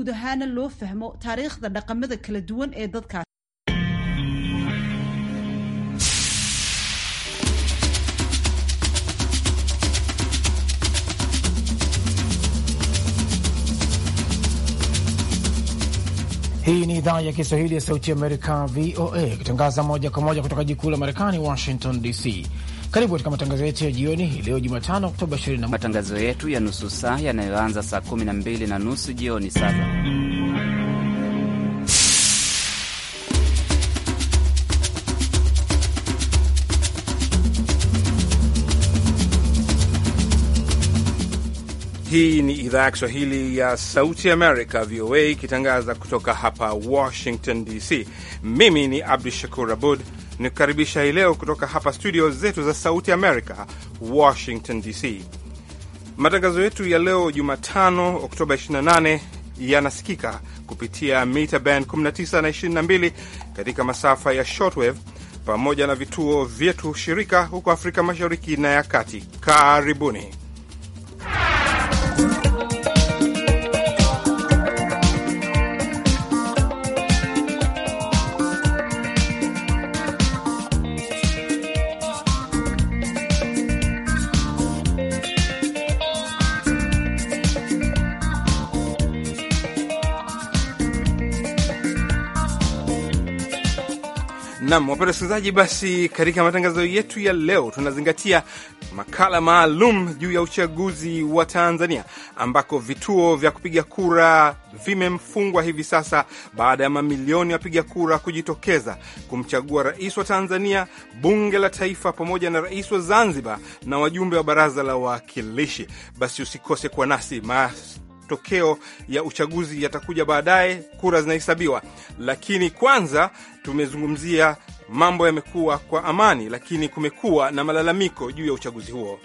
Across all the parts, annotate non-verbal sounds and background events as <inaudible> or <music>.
guud ahaana loo fahmo taariikhda dhaqamada kala duwan ee dadkaas. Hii ni idhaa ya Kiswahili ya Sauti ya Amerika, VOA, ikitangaza moja kwa moja kutoka jikuu la Marekani, Washington DC. Karibu katika matangazo yetu ya jioni hii leo Jumatano, Oktoba 20. Matangazo yetu ya nusu saa yanayoanza saa 12 na nusu jioni saa Hii ni idhaa ya Kiswahili ya Sauti Amerika, VOA, ikitangaza kutoka hapa Washington DC. Mimi ni Abdu Shakur Abud nikukaribisha hii leo kutoka hapa studio zetu za Sauti america Washington DC. Matangazo yetu ya leo Jumatano, Oktoba 28 yanasikika kupitia mita band 19 na 22 katika masafa ya shortwave pamoja na vituo vyetu shirika huko Afrika Mashariki na ya Kati. Karibuni. Nam wapenda wasikilizaji, basi katika matangazo yetu ya leo tunazingatia makala maalum juu ya uchaguzi wa Tanzania ambako vituo vya kupiga kura vimefungwa hivi sasa baada ya mamilioni ya wapiga kura kujitokeza kumchagua rais wa Tanzania, bunge la taifa, pamoja na rais wa Zanzibar na wajumbe wa baraza la wawakilishi. Basi usikose kuwa nasi mas matokeo ya uchaguzi yatakuja baadaye, kura zinahesabiwa, lakini kwanza tumezungumzia mambo yamekuwa kwa amani, lakini kumekuwa na malalamiko juu ya uchaguzi huo.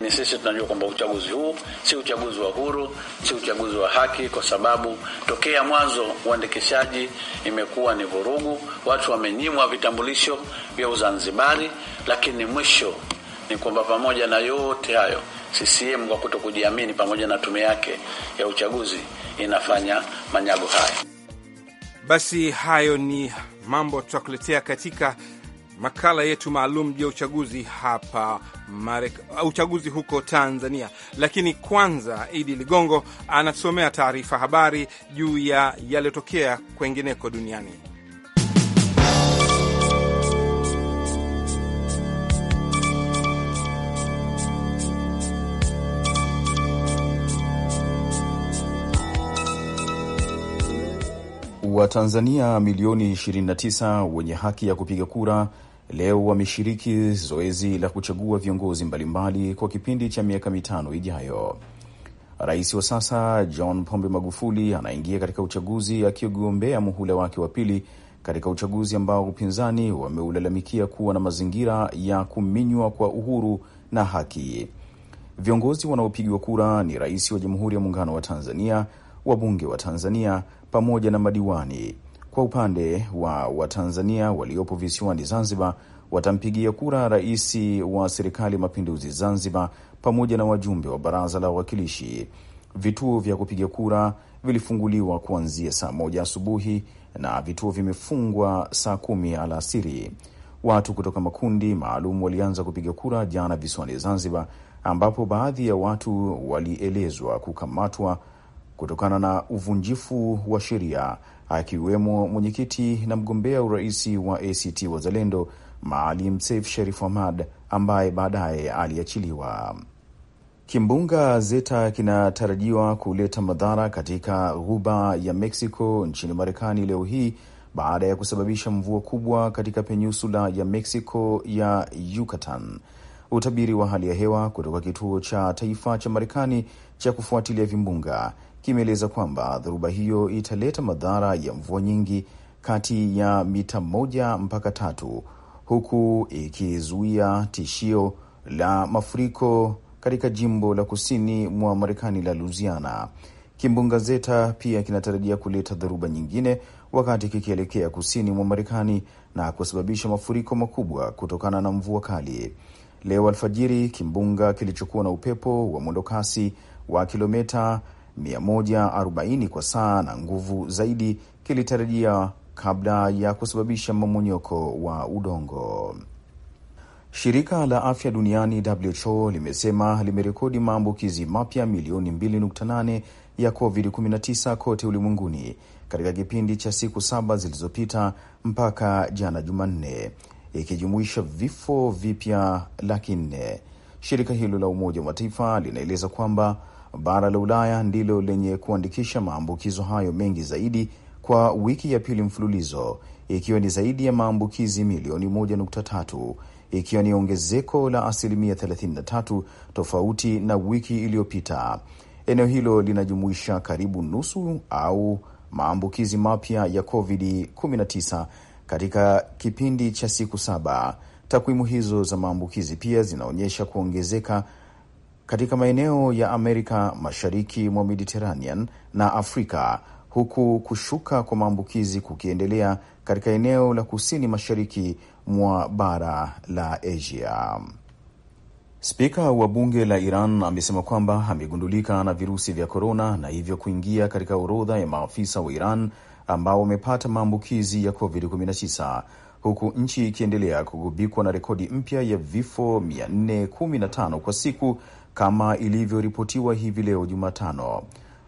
Ni sisi tunajua kwamba uchaguzi huu si uchaguzi wa huru, si uchaguzi wa haki, kwa sababu tokea mwanzo uandikishaji imekuwa ni vurugu. Watu wamenyimwa vitambulisho vya Uzanzibari, lakini mwisho ni kwamba pamoja na yote hayo CCM kwa kuto kujiamini pamoja na tume yake ya uchaguzi inafanya manyago haya. Basi hayo ni mambo tutakuletea katika makala yetu maalum juu ya uchaguzi hapa Mareka, uh, uchaguzi huko Tanzania. Lakini kwanza Idi Ligongo anatusomea taarifa habari juu ya yaliyotokea kwengineko duniani. Watanzania milioni 29 wenye haki ya kupiga kura leo wameshiriki zoezi la kuchagua viongozi mbalimbali kwa kipindi cha miaka mitano ijayo. Rais wa sasa John Pombe Magufuli anaingia katika uchaguzi akigombea muhula wake wa pili katika uchaguzi ambao upinzani wameulalamikia kuwa na mazingira ya kuminywa kwa uhuru na haki. Viongozi wanaopigwa kura ni Rais wa Jamhuri ya Muungano wa Tanzania, wabunge wa Tanzania pamoja na madiwani. Kwa upande wa Watanzania waliopo visiwani Zanzibar, watampigia kura rais wa Serikali ya Mapinduzi Zanzibar pamoja na wajumbe wa Baraza la Wawakilishi. Vituo vya kupiga kura vilifunguliwa kuanzia saa moja asubuhi na vituo vimefungwa saa kumi alasiri. Watu kutoka makundi maalum walianza kupiga kura jana visiwani Zanzibar, ambapo baadhi ya watu walielezwa kukamatwa kutokana na uvunjifu wa sheria, akiwemo mwenyekiti na mgombea urais wa ACT Wazalendo Maalim Seif Sharif Hamad ambaye baadaye aliachiliwa. Kimbunga Zeta kinatarajiwa kuleta madhara katika ghuba ya Mexico nchini Marekani leo hii baada ya kusababisha mvua kubwa katika peninsula ya Mexico ya Yucatan. Utabiri wa hali ya hewa kutoka kituo cha taifa cha Marekani cha kufuatilia vimbunga kimeeleza kwamba dhoruba hiyo italeta madhara ya mvua nyingi kati ya mita moja mpaka tatu huku ikizuia tishio la mafuriko katika jimbo la kusini mwa Marekani la Louisiana. Kimbunga Zeta pia kinatarajia kuleta dhoruba nyingine wakati kikielekea kusini mwa Marekani na kusababisha mafuriko makubwa kutokana na mvua kali. Leo alfajiri, kimbunga kilichokuwa na upepo wa mwendokasi wa kilometa 140 kwa saa na nguvu zaidi kilitarajia kabla ya kusababisha mmomonyoko wa udongo. Shirika la afya duniani WHO limesema limerekodi maambukizi mapya milioni 2.8 ya COVID-19 kote ulimwenguni katika kipindi cha siku saba zilizopita mpaka jana Jumanne, ikijumuisha vifo vipya laki nne. Shirika hilo la Umoja wa Mataifa linaeleza kwamba Bara la Ulaya ndilo lenye kuandikisha maambukizo hayo mengi zaidi kwa wiki ya pili mfululizo, ikiwa ni zaidi ya maambukizi milioni 1.3 ikiwa ni ongezeko la asilimia 33 tofauti na wiki iliyopita. Eneo hilo linajumuisha karibu nusu au maambukizi mapya ya COVID-19 katika kipindi cha siku saba. Takwimu hizo za maambukizi pia zinaonyesha kuongezeka katika maeneo ya Amerika mashariki mwa Mediterranean na Afrika, huku kushuka kwa maambukizi kukiendelea katika eneo la kusini mashariki mwa bara la Asia. Spika wa bunge la Iran amesema kwamba amegundulika na virusi vya korona na hivyo kuingia katika orodha ya maafisa wa Iran ambao wamepata maambukizi ya COVID-19 huku nchi ikiendelea kugubikwa na rekodi mpya ya vifo 415 kwa siku kama ilivyoripotiwa hivi leo Jumatano.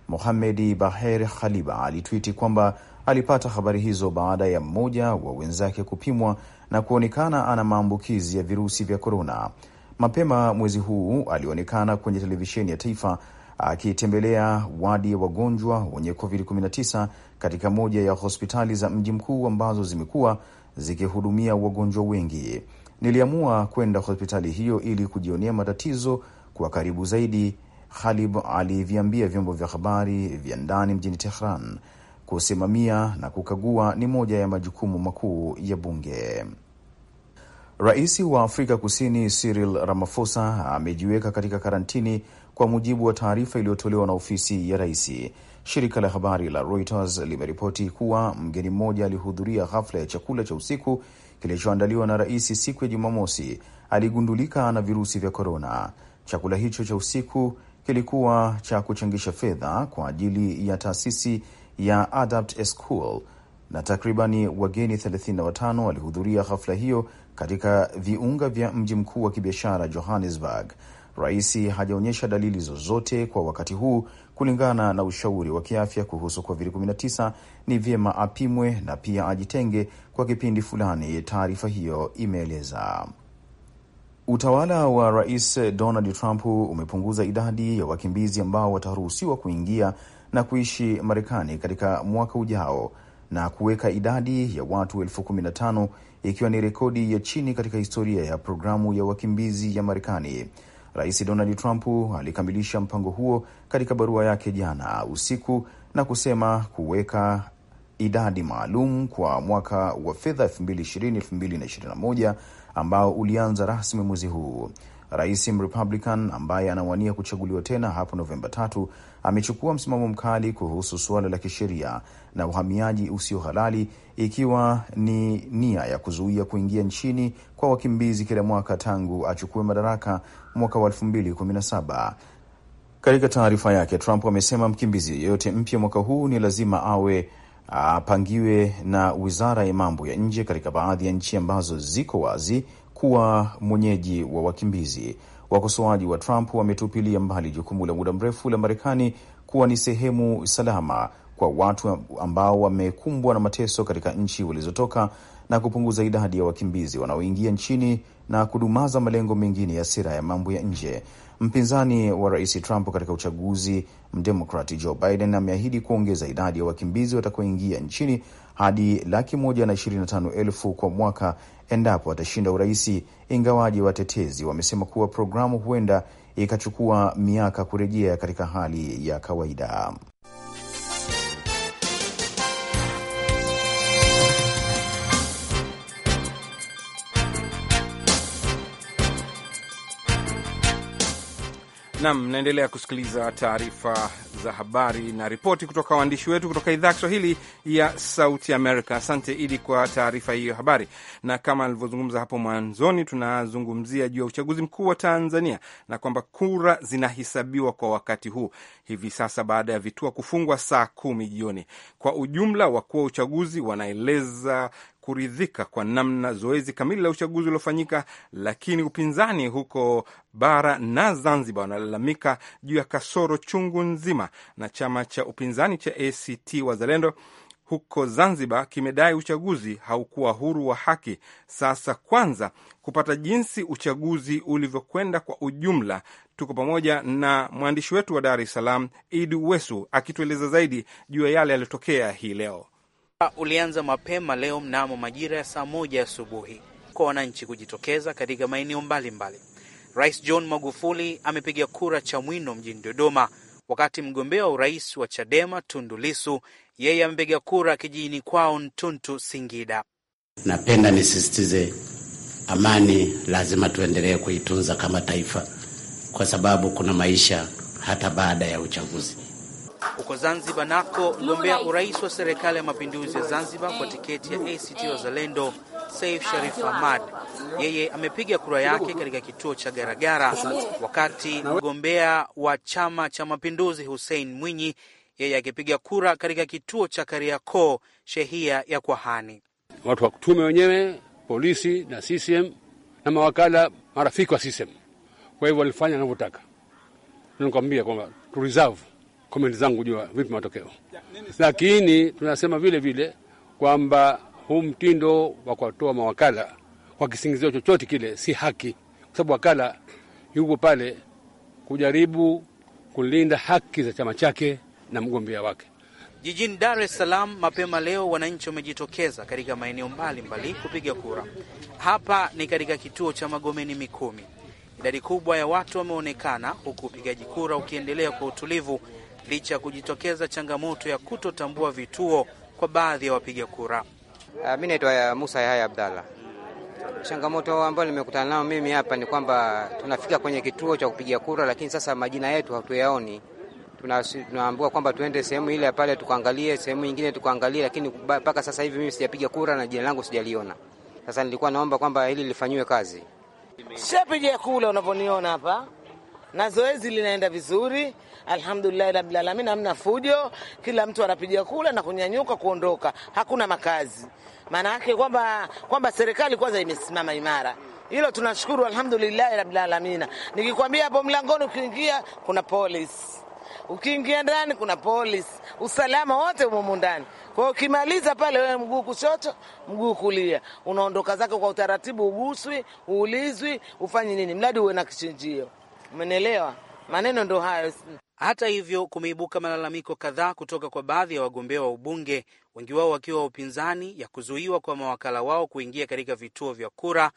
Mohamedi Baher Khaliba alitwiti kwamba alipata habari hizo baada ya mmoja wa wenzake kupimwa na kuonekana ana maambukizi ya virusi vya korona. Mapema mwezi huu alionekana kwenye televisheni ya taifa akitembelea wadi ya wagonjwa wenye COVID-19 katika moja ya hospitali za mji mkuu ambazo zimekuwa zikihudumia wagonjwa wengi. Niliamua kwenda hospitali hiyo ili kujionea matatizo kwa karibu zaidi. halib aliviambia vyombo vya habari vya ndani mjini Tehran, kusimamia na kukagua ni moja ya majukumu makuu ya bunge. Rais wa Afrika Kusini Cyril Ramaphosa amejiweka katika karantini kwa mujibu wa taarifa iliyotolewa na ofisi ya raisi Shirika la habari la Reuters limeripoti kuwa mgeni mmoja alihudhuria ghafla ya chakula cha usiku kilichoandaliwa na rais siku ya Jumamosi, aligundulika na virusi vya korona. Chakula hicho cha usiku kilikuwa cha kuchangisha fedha kwa ajili ya taasisi ya Adapt School na takribani wageni 35 walihudhuria hafla hiyo katika viunga vya mji mkuu wa kibiashara Johannesburg. Rais hajaonyesha dalili zozote kwa wakati huu. Kulingana na ushauri wa kiafya kuhusu COVID-19, ni vyema apimwe na pia ajitenge kwa kipindi fulani, taarifa hiyo imeeleza. Utawala wa Rais Donald Trump umepunguza idadi ya wakimbizi ambao wataruhusiwa kuingia na kuishi Marekani katika mwaka ujao na kuweka idadi ya watu elfu kumi na tano ikiwa ni rekodi ya chini katika historia ya programu ya wakimbizi ya Marekani. Rais Donald Trump alikamilisha mpango huo katika barua yake jana usiku na kusema kuweka idadi maalum kwa mwaka wa fedha 2020-2021 ambao ulianza rasmi mwezi huu. Rais Mrepublican ambaye anawania kuchaguliwa tena hapo Novemba tatu amechukua msimamo mkali kuhusu suala la kisheria na uhamiaji usio halali, ikiwa ni nia ya kuzuia kuingia nchini kwa wakimbizi kila mwaka tangu achukue madaraka mwaka wa 2017. Katika taarifa yake, Trump amesema mkimbizi yeyote mpya mwaka huu ni lazima awe apangiwe na wizara ya mambo ya nje katika baadhi ya nchi ambazo ziko wazi kuwa mwenyeji wa wakimbizi. Wakosoaji wa Trump wametupilia mbali jukumu la muda mrefu la Marekani kuwa ni sehemu salama kwa watu ambao wamekumbwa na mateso katika nchi walizotoka na kupunguza idadi ya wakimbizi wanaoingia nchini na kudumaza malengo mengine ya sera ya mambo ya nje. Mpinzani wa rais Trump katika uchaguzi mdemokrat Joe Biden ameahidi kuongeza idadi ya wakimbizi watakaoingia nchini hadi laki moja na ishirini na tano elfu kwa mwaka endapo atashinda uraisi, ingawaji watetezi wamesema kuwa programu huenda ikachukua miaka kurejea katika hali ya kawaida. Nam, naendelea kusikiliza taarifa za habari na ripoti kutoka waandishi wetu kutoka idhaa ya Kiswahili ya Sauti Amerika. Asante Idi kwa taarifa hiyo habari. Na kama alivyozungumza hapo mwanzoni, tunazungumzia juu ya uchaguzi mkuu wa Tanzania na kwamba kura zinahesabiwa kwa wakati huu hivi sasa baada ya vituo kufungwa saa kumi jioni. Kwa ujumla, wakuwa uchaguzi wanaeleza kuridhika kwa namna zoezi kamili la uchaguzi uliofanyika, lakini upinzani huko bara na Zanzibar wanalalamika juu ya kasoro chungu nzima, na chama cha upinzani cha ACT Wazalendo huko Zanzibar kimedai uchaguzi haukuwa huru wa haki. Sasa kwanza kupata jinsi uchaguzi ulivyokwenda kwa ujumla, tuko pamoja na mwandishi wetu wa Dar es Salaam Idi Wesu akitueleza zaidi juu ya yale yaliyotokea hii leo ulianza mapema leo mnamo majira ya saa moja asubuhi kwa wananchi kujitokeza katika maeneo mbalimbali. Rais John Magufuli amepiga kura Chamwino mjini Dodoma, wakati mgombea wa urais wa Chadema Tundu Lisu yeye amepiga kura kijijini kwao Ntuntu, Singida. Napenda nisisitize, amani lazima tuendelee kuitunza kama taifa, kwa sababu kuna maisha hata baada ya uchaguzi. Huko Zanzibar nako mgombea urais wa serikali ya mapinduzi ya Zanzibar kwa tiketi ya ACT Wazalendo Saif Sharif Ahmad yeye amepiga kura yake katika kituo cha Garagara, wakati mgombea wa chama cha mapinduzi Hussein Mwinyi yeye akipiga kura katika kituo cha Kariakoo shehia ya Kwahani. Watu wa tume wenyewe, polisi na CCM na mawakala marafiki wa CCM, kwa hivyo walifanya wanavyotaka. Nakwambia kwamba tu reserve komenti zangu jua vipi matokeo, lakini tunasema vile vile kwamba huu mtindo wa kuwatoa mawakala kwa kisingizio chochote kile si haki, kwa sababu wakala yuko pale kujaribu kulinda haki za chama chake na mgombea wake. Jijini Dar es Salaam mapema leo, wananchi wamejitokeza katika maeneo mbalimbali kupiga kura. Hapa ni katika kituo cha Magomeni Mikumi. Idadi kubwa ya watu wameonekana huku upigaji kura ukiendelea kwa utulivu licha ya kujitokeza changamoto ya kutotambua vituo kwa baadhi ya wapiga kura. Uh, ah, mi naitwa eh, Musa Yahaya Abdalla. Changamoto ambayo nimekutana nayo mimi hapa ni kwamba tunafika kwenye kituo cha kupiga kura, lakini sasa majina yetu hatuyaoni. Tunaambiwa kwamba tuende sehemu ile pale tukaangalie, sehemu nyingine tukaangalie, lakini mpaka sasa hivi mimi sijapiga kura na jina langu sijaliona. Sasa nilikuwa naomba kwamba hili lifanyiwe kazi. Sijapiga kura, unavyoniona hapa na zoezi linaenda vizuri, alhamdulillahi rabbil alamin, hamna fujo, kila mtu anapiga kula na kunyanyuka kuondoka, hakuna makazi. Maana yake kwamba kwamba serikali kwanza imesimama imara, hilo tunashukuru, alhamdulillahi rabbil alamin. Nikikwambia hapo mlangoni ukiingia kuna polisi, ukiingia ndani kuna polisi, usalama wote umo ndani. Kwa hiyo ukimaliza pale, wewe mguu kushoto, mguu kulia, unaondoka zako kwa utaratibu, uguswi, uulizwi, ufanye nini, mradi uwe na kichinjio. Umenielewa? Maneno ndo hayo. Hata hivyo, kumeibuka malalamiko kadhaa kutoka kwa baadhi ya wagombea wa ubunge, wengi wao wakiwa wa upinzani, ya kuzuiwa kwa mawakala wao kuingia katika vituo vya kura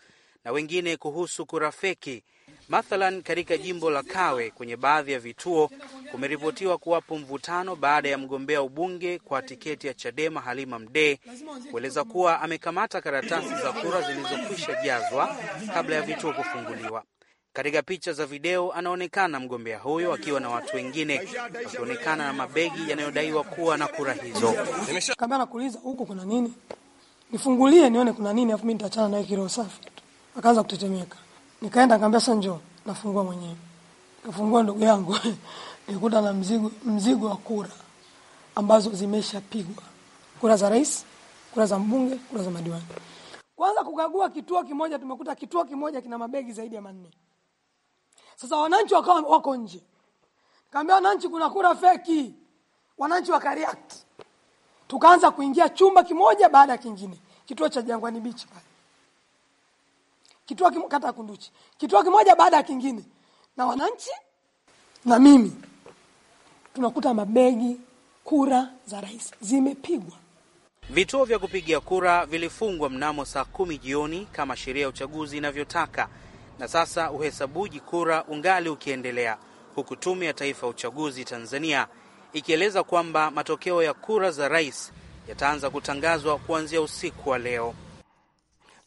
na wengine kuhusu kura feki. Mathalan, katika jimbo la Kawe kwenye baadhi ya vituo kumeripotiwa kuwapo mvutano baada ya mgombea ubunge kwa tiketi ya Chadema Halima Mdee kueleza kuwa amekamata karatasi za kura zilizokwisha jazwa kabla ya vituo kufunguliwa. Katika picha za video anaonekana mgombea huyo akiwa na watu wengine akionekana na mabegi yanayodaiwa kuwa na kura hizo. Kaambia anakuuliza huko kuna nini? Nifungulie nione kuna nini afu mimi nitachana naye kiroho safi. Akaanza kutetemeka. Nikaenda nikamwambia sasa njoo nafungua mwenyewe. Kafungua ndugu yangu. <laughs> Nikuta na mzigo mzigo wa kura ambazo zimeshapigwa. Kura za rais, kura za mbunge, kura za madiwani. Kwanza kukagua kituo kimoja tumekuta kituo kimoja kina mabegi zaidi ya manne. Sasa wananchi wakawa wako nje, nikamwambia wananchi, kuna kura feki. Wananchi wakareact, tukaanza kuingia chumba kimoja baada ya kingine, kituo cha Jangwani Beach pale, kituo kata Kunduchi, kituo kimoja baada ya kingine, na wananchi na mimi tunakuta mabegi kura za rais zimepigwa. Vituo vya kupigia kura vilifungwa mnamo saa kumi jioni kama sheria ya uchaguzi inavyotaka na sasa uhesabuji kura ungali ukiendelea, huku Tume ya Taifa ya Uchaguzi Tanzania ikieleza kwamba matokeo ya kura za rais yataanza kutangazwa kuanzia usiku wa leo.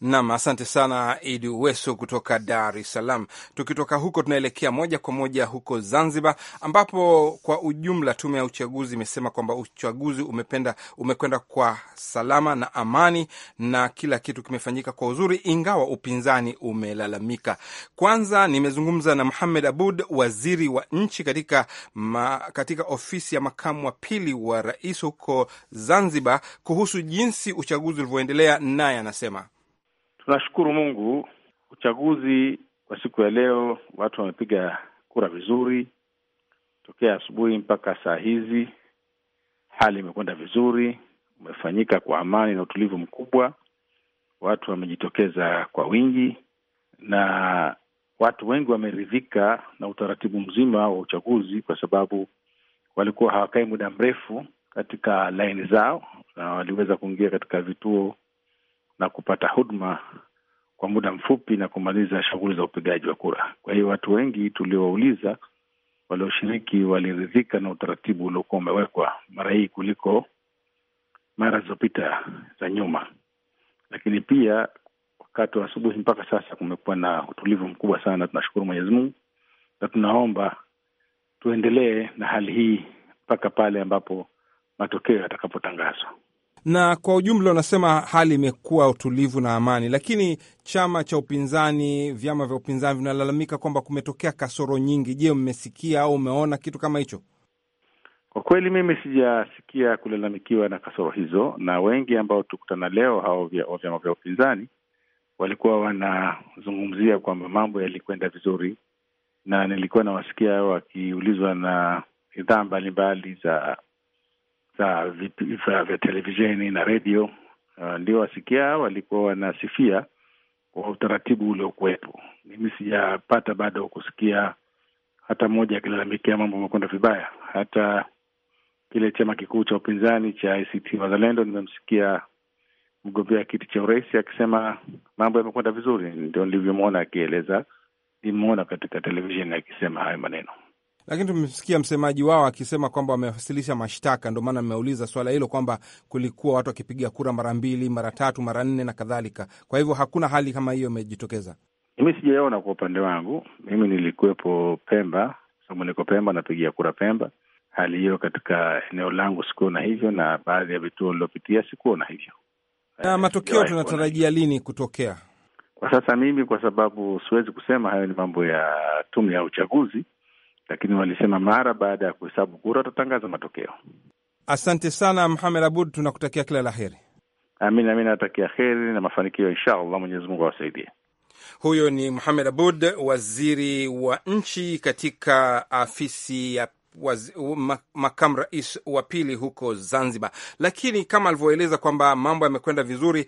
Nam, asante sana Idi Uweso kutoka Dar es Salaam. Tukitoka huko, tunaelekea moja kwa moja huko Zanzibar, ambapo kwa ujumla tume ya uchaguzi imesema kwamba uchaguzi umependa umekwenda kwa salama na amani na kila kitu kimefanyika kwa uzuri, ingawa upinzani umelalamika. Kwanza nimezungumza na Muhamed Abud, waziri wa nchi katika, ma, katika ofisi ya makamu wa pili wa rais huko Zanzibar, kuhusu jinsi uchaguzi ulivyoendelea, naye anasema Tunashukuru Mungu, uchaguzi wa siku ya leo watu wamepiga kura vizuri, tokea asubuhi mpaka saa hizi hali imekwenda vizuri, umefanyika kwa amani na utulivu mkubwa. Watu wamejitokeza kwa wingi na watu wengi wameridhika na utaratibu mzima wa uchaguzi, kwa sababu walikuwa hawakai muda mrefu katika laini zao na waliweza kuingia katika vituo na kupata huduma kwa muda mfupi na kumaliza shughuli za upigaji wa kura. Kwa hiyo watu wengi tuliowauliza walioshiriki waliridhika na utaratibu uliokuwa umewekwa mara hii kuliko mara zilizopita za nyuma. Lakini pia wakati wa asubuhi mpaka sasa kumekuwa na utulivu mkubwa sana. Tunashukuru Mwenyezi Mungu na tunaomba tuendelee na hali hii mpaka pale ambapo matokeo yatakapotangazwa na kwa ujumla unasema hali imekuwa utulivu na amani, lakini chama cha upinzani, vyama vya upinzani vinalalamika kwamba kumetokea kasoro nyingi. Je, mmesikia au umeona kitu kama hicho? Kwa kweli mimi sijasikia kulalamikiwa na kasoro hizo, na wengi ambao tukutana leo hao wa vyama vya upinzani walikuwa wanazungumzia kwamba mambo yalikwenda vizuri, na nilikuwa nawasikia wakiulizwa na idhaa mbalimbali za za, vifaa vya televisheni na redio uh, ndio wasikia walikuwa wanasifia kwa utaratibu uliokuwepo. Mimi sijapata bado kusikia hata mmoja akilalamikia mambo amekwenda vibaya. Hata kile chama kikuu cha upinzani cha ACT Wazalendo nimemsikia mgombea kiti cha urais akisema mambo yamekwenda vizuri. Ndio nilivyomwona akieleza, nimeona katika televisheni akisema hayo maneno. Lakini tumesikia msemaji wao akisema kwamba wamewasilisha mashtaka, ndio maana mmeuliza swala hilo kwamba kulikuwa watu wakipiga kura mara mbili, mara tatu, mara nne na kadhalika. Kwa hivyo hakuna hali kama hiyo imejitokeza. Mimi sijaona kwa upande wangu, mimi nilikuwepo Pemba, sababu niko Pemba, napigia kura Pemba. Hali hiyo katika eneo langu sikuona hivyo, na baadhi ya vituo niliopitia sikuona hivyo. Na eh, matokeo tunatarajia lini kutokea? Kwa sasa mimi, kwa sababu siwezi kusema hayo ni mambo ya tume ya uchaguzi, lakini walisema mara baada ya kuhesabu kura watatangaza matokeo. Asante sana mhamed Abud, tunakutakia kila la heri. Amin, amin, natakia heri na mafanikio insha allah, Mwenyezi Mungu awasaidie. Huyo ni muhamed Abud, waziri wa nchi katika afisi ya Waz, makamu rais wa pili huko Zanzibar, lakini kama alivyoeleza kwamba mambo yamekwenda vizuri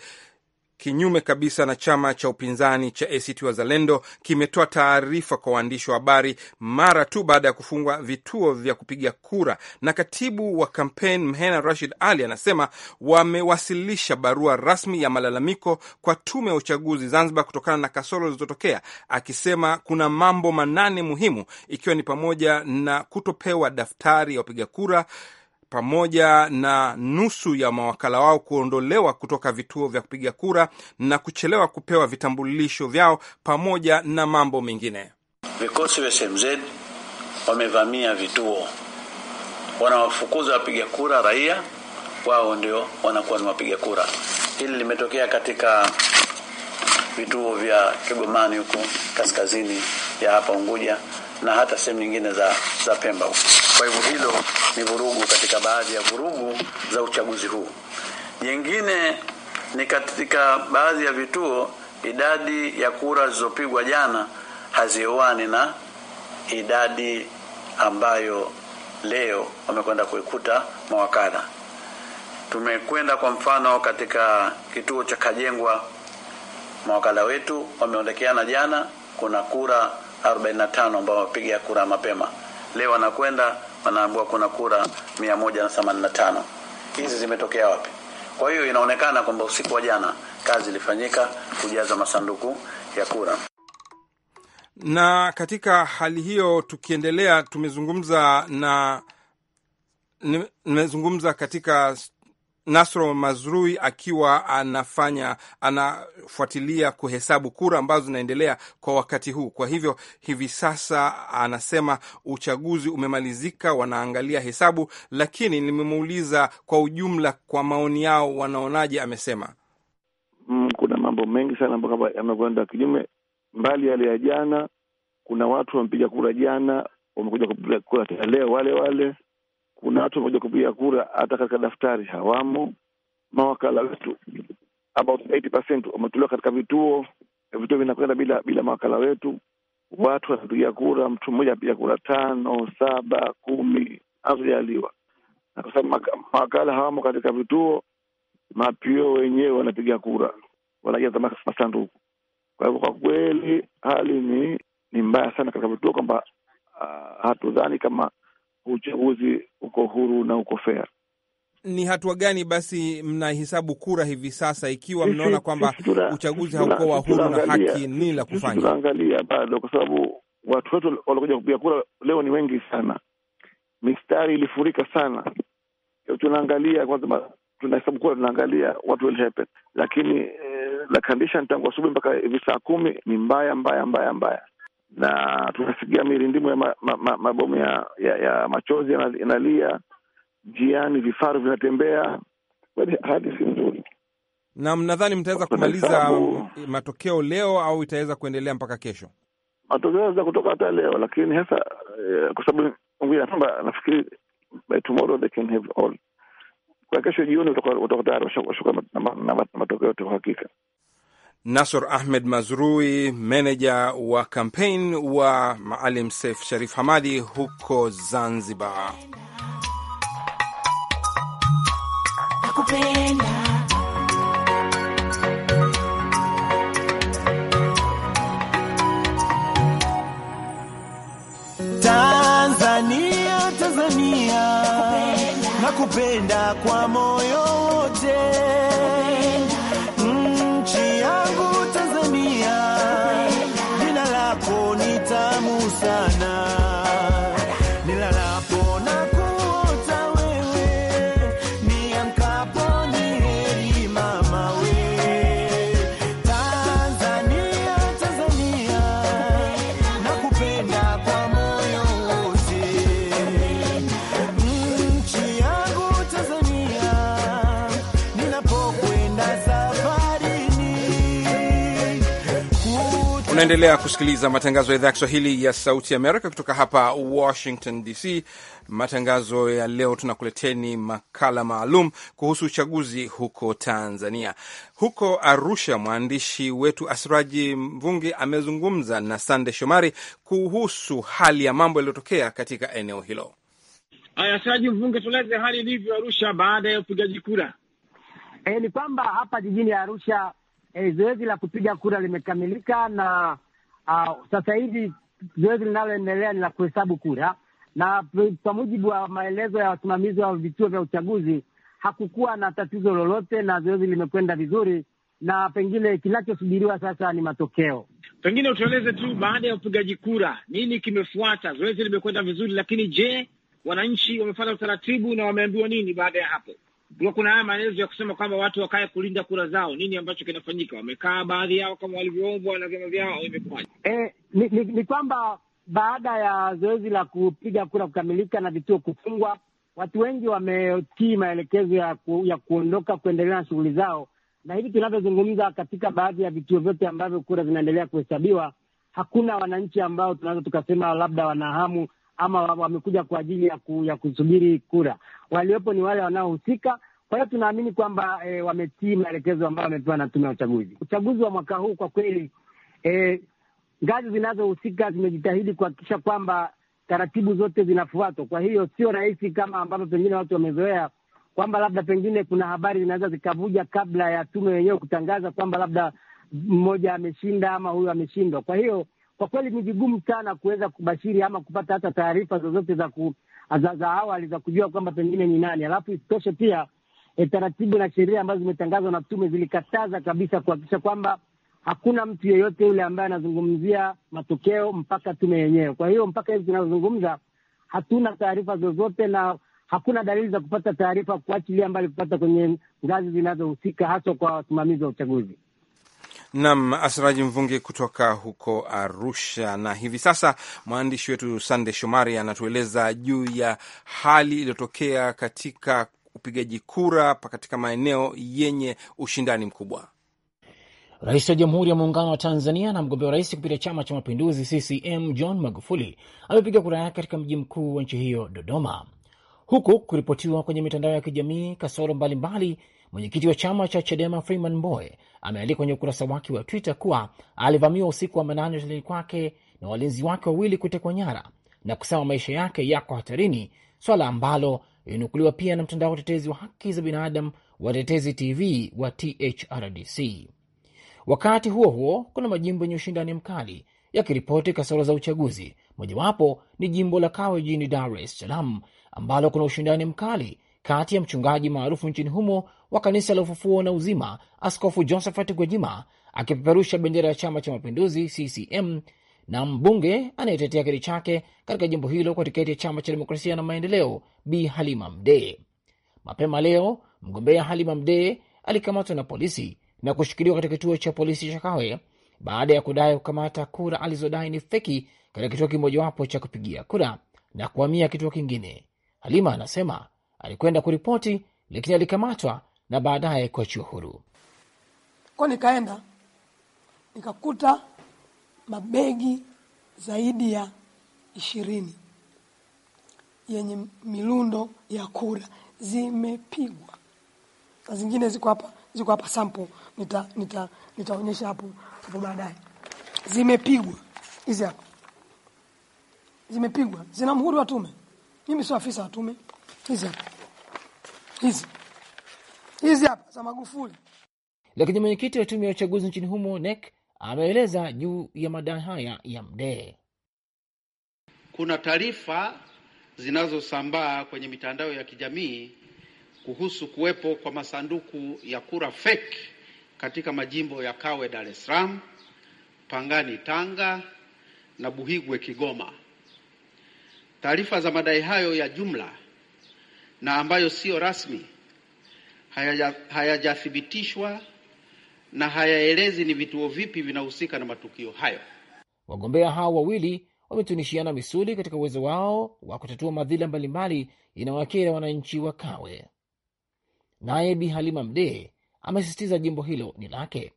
kinyume kabisa na chama cha upinzani cha ACT Wazalendo kimetoa taarifa kwa waandishi wa habari mara tu baada ya kufungwa vituo vya kupiga kura. Na katibu wa kampeni Mhena Rashid Ali anasema wamewasilisha barua rasmi ya malalamiko kwa tume ya uchaguzi Zanzibar kutokana na kasoro zilizotokea, akisema kuna mambo manane muhimu, ikiwa ni pamoja na kutopewa daftari ya wapiga kura pamoja na nusu ya mawakala wao kuondolewa kutoka vituo vya kupiga kura na kuchelewa kupewa vitambulisho vyao pamoja na mambo mengine. Vikosi vya SMZ wamevamia vituo, wanawafukuza wapiga kura, raia wao ndio wanakuwa ni wapiga kura. Hili limetokea katika vituo vya Kigomani huku kaskazini ya hapa Unguja na hata sehemu nyingine za, za Pemba huku kwa hivyo hilo ni vurugu katika baadhi ya vurugu za uchaguzi huu. jingine ni katika baadhi ya vituo idadi ya kura zilizopigwa jana haziowani na idadi ambayo leo wamekwenda kuikuta mawakala. Tumekwenda kwa mfano katika kituo cha Kajengwa, mawakala wetu wameondekeana jana, kuna kura 45 ambao wapiga kura mapema leo wanakwenda wanaambiwa kuna kura 185 hizi zimetokea wapi kwa hiyo inaonekana kwamba usiku wa jana kazi ilifanyika kujaza masanduku ya kura na katika hali hiyo tukiendelea tumezungumza na nimezungumza katika Nasro Mazrui akiwa anafanya anafuatilia kuhesabu kura ambazo zinaendelea kwa wakati huu. Kwa hivyo hivi sasa anasema uchaguzi umemalizika, wanaangalia hesabu, lakini nimemuuliza kwa ujumla, kwa maoni yao wanaonaje? Amesema mm, kuna mambo mengi sana ambayo yamekwenda kinyume, mbali yale ya jana. Kuna watu wamepiga kura jana, wamekuja kupiga kura tena leo wale wale kuna watu wamekuja kupiga kura hata katika daftari hawamo. Mawakala wetu about 80% wametolewa katika vituo, vituo vinakwenda bila bila mawakala wetu. Watu wanapiga kura, mtu mmoja anapiga kura tano, saba, kumi, azojaliwa na kwa sababu mawakala hawamo katika vituo, mapio wenyewe wanapiga kura, wanajaza masanduku. Kwa hivyo, kwa kweli hali ni ni mbaya sana katika vituo, kwamba uh, hatudhani kama uchaguzi uko huru na uko fair. Ni hatua gani basi mnahesabu kura hivi sasa, ikiwa mnaona kwamba uchaguzi haukuwa wa huru na haki, nini la kufanya? Tunaangalia bado, kwa sababu watu wetu waliokuja kupiga kura leo ni wengi sana, mistari ilifurika sana. Tunaangalia kwanza, tunahesabu kura, tunaangalia what will happen, lakini eh, la condition tangu asubuhi mpaka hivi saa kumi ni mbaya mbaya mbaya mbaya na tunasikia mirindimu ya ma, ma, ma, mabomu ya, ya, ya machozi yanalia njiani, vifaru vinatembea kweli, hali si nzuri. Na mnadhani mtaweza kumaliza matokeo leo au itaweza kuendelea mpaka kesho? Matokeo yaweza kutoka hata leo, lakini hasa eh, kwa sababu nafikiri by tomorrow they can have all. Kwa kesho jioni utakuwa tayari washuka na matokeo kwa hakika. Nasor Ahmed Mazrui, meneja wa kampeni wa Maalim Seif Sharif Hamadi huko Zanzibar. Tanzania, Tanzania, nakupenda kwa moyo Unaendelea kusikiliza matangazo ya idhaa ya Kiswahili ya Sauti Amerika kutoka hapa Washington DC. Matangazo ya leo tunakuleteni makala maalum kuhusu uchaguzi huko Tanzania. Huko Arusha, mwandishi wetu Asiraji Mvungi amezungumza na Sande Shomari kuhusu hali ya mambo yaliyotokea katika eneo hilo. Aya, Asiraji Mvungi, tueleze hali ilivyo Arusha baada ya upigaji kura. E, ni kwamba hapa jijini Arusha eh, zoezi la kupiga kura limekamilika na uh, sasa hivi zoezi linaloendelea ni la kuhesabu kura, na kwa mujibu wa maelezo ya wasimamizi wa vituo vya uchaguzi hakukuwa na tatizo lolote, na zoezi limekwenda vizuri, na pengine kinachosubiriwa sasa ni matokeo. Pengine utueleze tu, baada ya upigaji kura, nini kimefuata? Zoezi limekwenda vizuri, lakini je, wananchi wamefata utaratibu na wameambiwa nini baada ya hapo? kuna haya maelezo ya kusema kwamba watu wakae kulinda kura zao. Nini ambacho kinafanyika? Wamekaa baadhi yao kama walivyoombwa na vyama vyao, imekuwaje? Eh, ni, ni, ni kwamba baada ya zoezi la kupiga kura kukamilika na vituo kufungwa, watu wengi wametii maelekezo ya, ku, ya kuondoka kuendelea na shughuli zao, na hivi tunavyozungumza, katika baadhi ya vituo vyote ambavyo kura zinaendelea kuhesabiwa, hakuna wananchi ambao tunaweza tukasema labda wanahamu ama wamekuja kwa ajili ya, ku, ya kusubiri kura. Waliopo ni wale wanaohusika. Kwa hiyo tunaamini kwamba e, wametii maelekezo ambayo wamepewa na tume ya uchaguzi. Uchaguzi wa mwaka huu kwa kweli, e, ngazi zinazohusika zimejitahidi kuhakikisha kwamba taratibu zote zinafuatwa. Kwa hiyo sio rahisi kama ambavyo pengine watu wamezoea kwamba labda pengine kuna habari zinaweza zikavuja kabla ya tume wenyewe kutangaza kwamba labda mmoja ameshinda ama huyu ameshindwa. Kwa hiyo kwa kweli ni vigumu sana kuweza kubashiri ama kupata hata taarifa zozote za, ku, za, za awali za kujua kwamba pengine ni nani. Alafu isitoshe pia e, taratibu na sheria ambazo zimetangazwa na tume zilikataza kabisa kuhakikisha kwamba hakuna mtu yeyote yule ambaye anazungumzia matokeo mpaka tume yenyewe. Kwa hiyo mpaka hivi tunazozungumza hatuna taarifa zozote na hakuna dalili za kupata taarifa, kuachilia mbali kupata kwenye ngazi zinazohusika haswa kwa wasimamizi wa uchaguzi. Nam Asiraji Mvungi kutoka huko Arusha. Na hivi sasa mwandishi wetu Sande Shomari anatueleza juu ya hali iliyotokea katika upigaji kura katika maeneo yenye ushindani mkubwa. Rais wa Jamhuri ya Muungano wa Tanzania na mgombea wa rais kupitia Chama cha Mapinduzi CCM John Magufuli amepiga kura yake katika mji mkuu wa nchi hiyo Dodoma, huku kuripotiwa kwenye mitandao ya kijamii kasoro mbalimbali Mwenyekiti wa chama cha Chadema Freeman Mbowe ameandika kwenye ukurasa wake wa Twitter kuwa alivamiwa usiku wa manane hotelini kwake na walinzi wake wawili kutekwa nyara na kusema maisha yake yako hatarini, swala ambalo linukuliwa pia na mtandao wa utetezi wa haki za binadamu Watetezi TV wa THRDC. Wakati huo huo, kuna majimbo yenye ushindani mkali yakiripoti kasoro za uchaguzi. Mojawapo ni jimbo la Kawe jijini Dar es Salaam ambalo kuna ushindani mkali kati ya mchungaji maarufu nchini humo wa kanisa la ufufuo na uzima Askofu Josephat Gwajima akipeperusha bendera ya chama cha mapinduzi CCM na mbunge anayetetea kiti chake katika jimbo hilo kwa tiketi ya chama cha demokrasia na maendeleo Bi Halima Mdee. Mapema leo mgombea Halima Mdee alikamatwa na polisi na kushikiliwa katika kituo cha polisi cha Kawe baada ya kudai kukamata kura alizodai ni feki katika kituo kimojawapo cha kupigia kura na kuhamia kituo kingine. Halima anasema alikwenda kuripoti, lakini alikamatwa na baadaye kuachiwa huru. Kwa nikaenda nikakuta mabegi zaidi ya ishirini yenye milundo ya kura zimepigwa, na zingine ziko hapa, ziko hapa sample, nita nita nitaonyesha hapo hapo baadaye. Zimepigwa hizi hapa, zimepigwa zina muhuri wa tume. Mimi sio afisa wa tume, hizi hapa hizi hizi hapa za Magufuli. Lakini mwenyekiti wa tume ya uchaguzi nchini humo NEC ameeleza juu ya madai haya ya Mdee. Kuna taarifa zinazosambaa kwenye mitandao ya kijamii kuhusu kuwepo kwa masanduku ya kura feki katika majimbo ya Kawe Dar es Salaam, Pangani Tanga na Buhigwe Kigoma. Taarifa za madai hayo ya jumla na ambayo siyo rasmi, hayajathibitishwa haya na hayaelezi ni vituo vipi vinahusika na matukio hayo. Wagombea hao wawili wametunishiana misuli katika uwezo wao wa kutatua madhila mbalimbali inawakera wananchi wa Kawe. Naye Bi Halima Mdee amesisitiza jimbo hilo ni lake.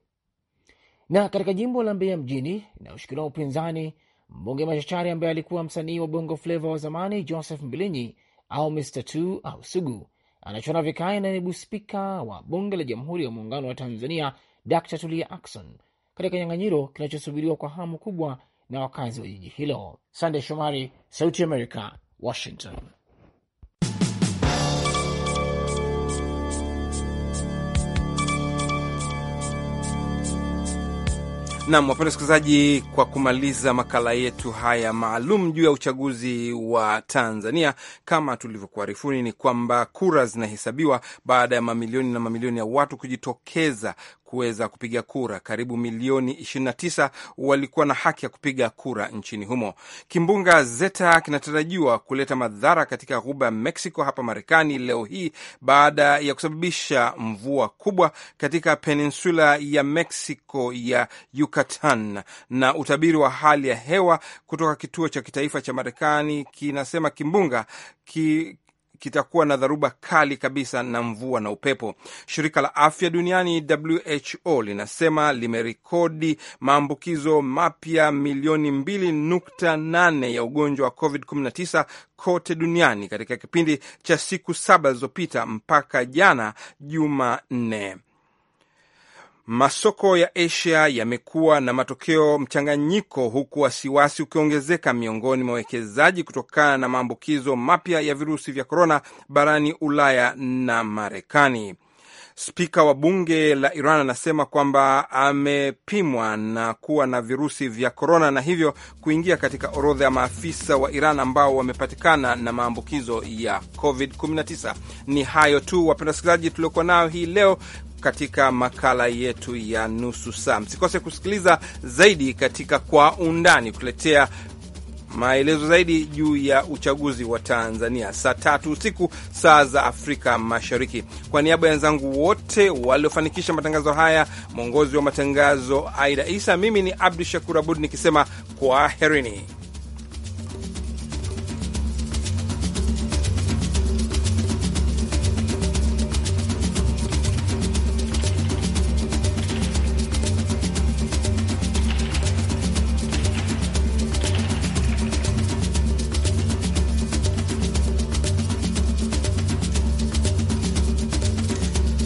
Na katika jimbo la Mbeya mjini inayoshikiliwa upinzani, mbunge machachari ambaye alikuwa msanii wa bongo fleva wa zamani Joseph Mbilinyi au Mr Tu au Sugu anachona vikae na naibu spika wa bunge la Jamhuri ya Muungano wa Tanzania Dr Tulia Akson katika nyang'anyiro kinachosubiriwa kwa hamu kubwa na wakazi wa jiji hilo. Sande Shomari, Sauti America, Washington. Nam, wapenda wasikilizaji, kwa kumaliza makala yetu haya maalum juu ya uchaguzi wa Tanzania, kama tulivyokuarifuni, ni kwamba kura zinahesabiwa baada ya mamilioni na mamilioni ya watu kujitokeza kuweza kupiga kura. Karibu milioni 29 walikuwa na haki ya kupiga kura nchini humo. Kimbunga Zeta kinatarajiwa kuleta madhara katika ghuba ya Mexico hapa Marekani leo hii baada ya kusababisha mvua kubwa katika peninsula ya Mexico ya Yucatan, na utabiri wa hali ya hewa kutoka kituo cha kitaifa cha Marekani kinasema kimbunga ki kitakuwa na dharuba kali kabisa na mvua na upepo. Shirika la afya duniani WHO linasema limerekodi maambukizo mapya milioni 2.8 ya ugonjwa wa COVID-19 kote duniani katika kipindi cha siku saba zilizopita mpaka jana Jumanne. Masoko ya Asia yamekuwa na matokeo mchanganyiko, huku wasiwasi ukiongezeka miongoni mwa wawekezaji kutokana na maambukizo mapya ya virusi vya korona barani Ulaya na Marekani. Spika wa bunge la Iran anasema kwamba amepimwa na kuwa na virusi vya korona na hivyo kuingia katika orodha ya maafisa wa Iran ambao wamepatikana na maambukizo ya COVID-19. Ni hayo tu, wapenda wasikilizaji, tuliokuwa nayo hii leo katika makala yetu ya nusu saa. Msikose kusikiliza zaidi katika Kwa Undani kuletea maelezo zaidi juu ya uchaguzi wa Tanzania saa tatu usiku saa za Afrika Mashariki. Kwa niaba ya wenzangu wote waliofanikisha matangazo haya, mwongozi wa matangazo Aida Isa, mimi ni Abdu Shakur Abud nikisema kwaherini.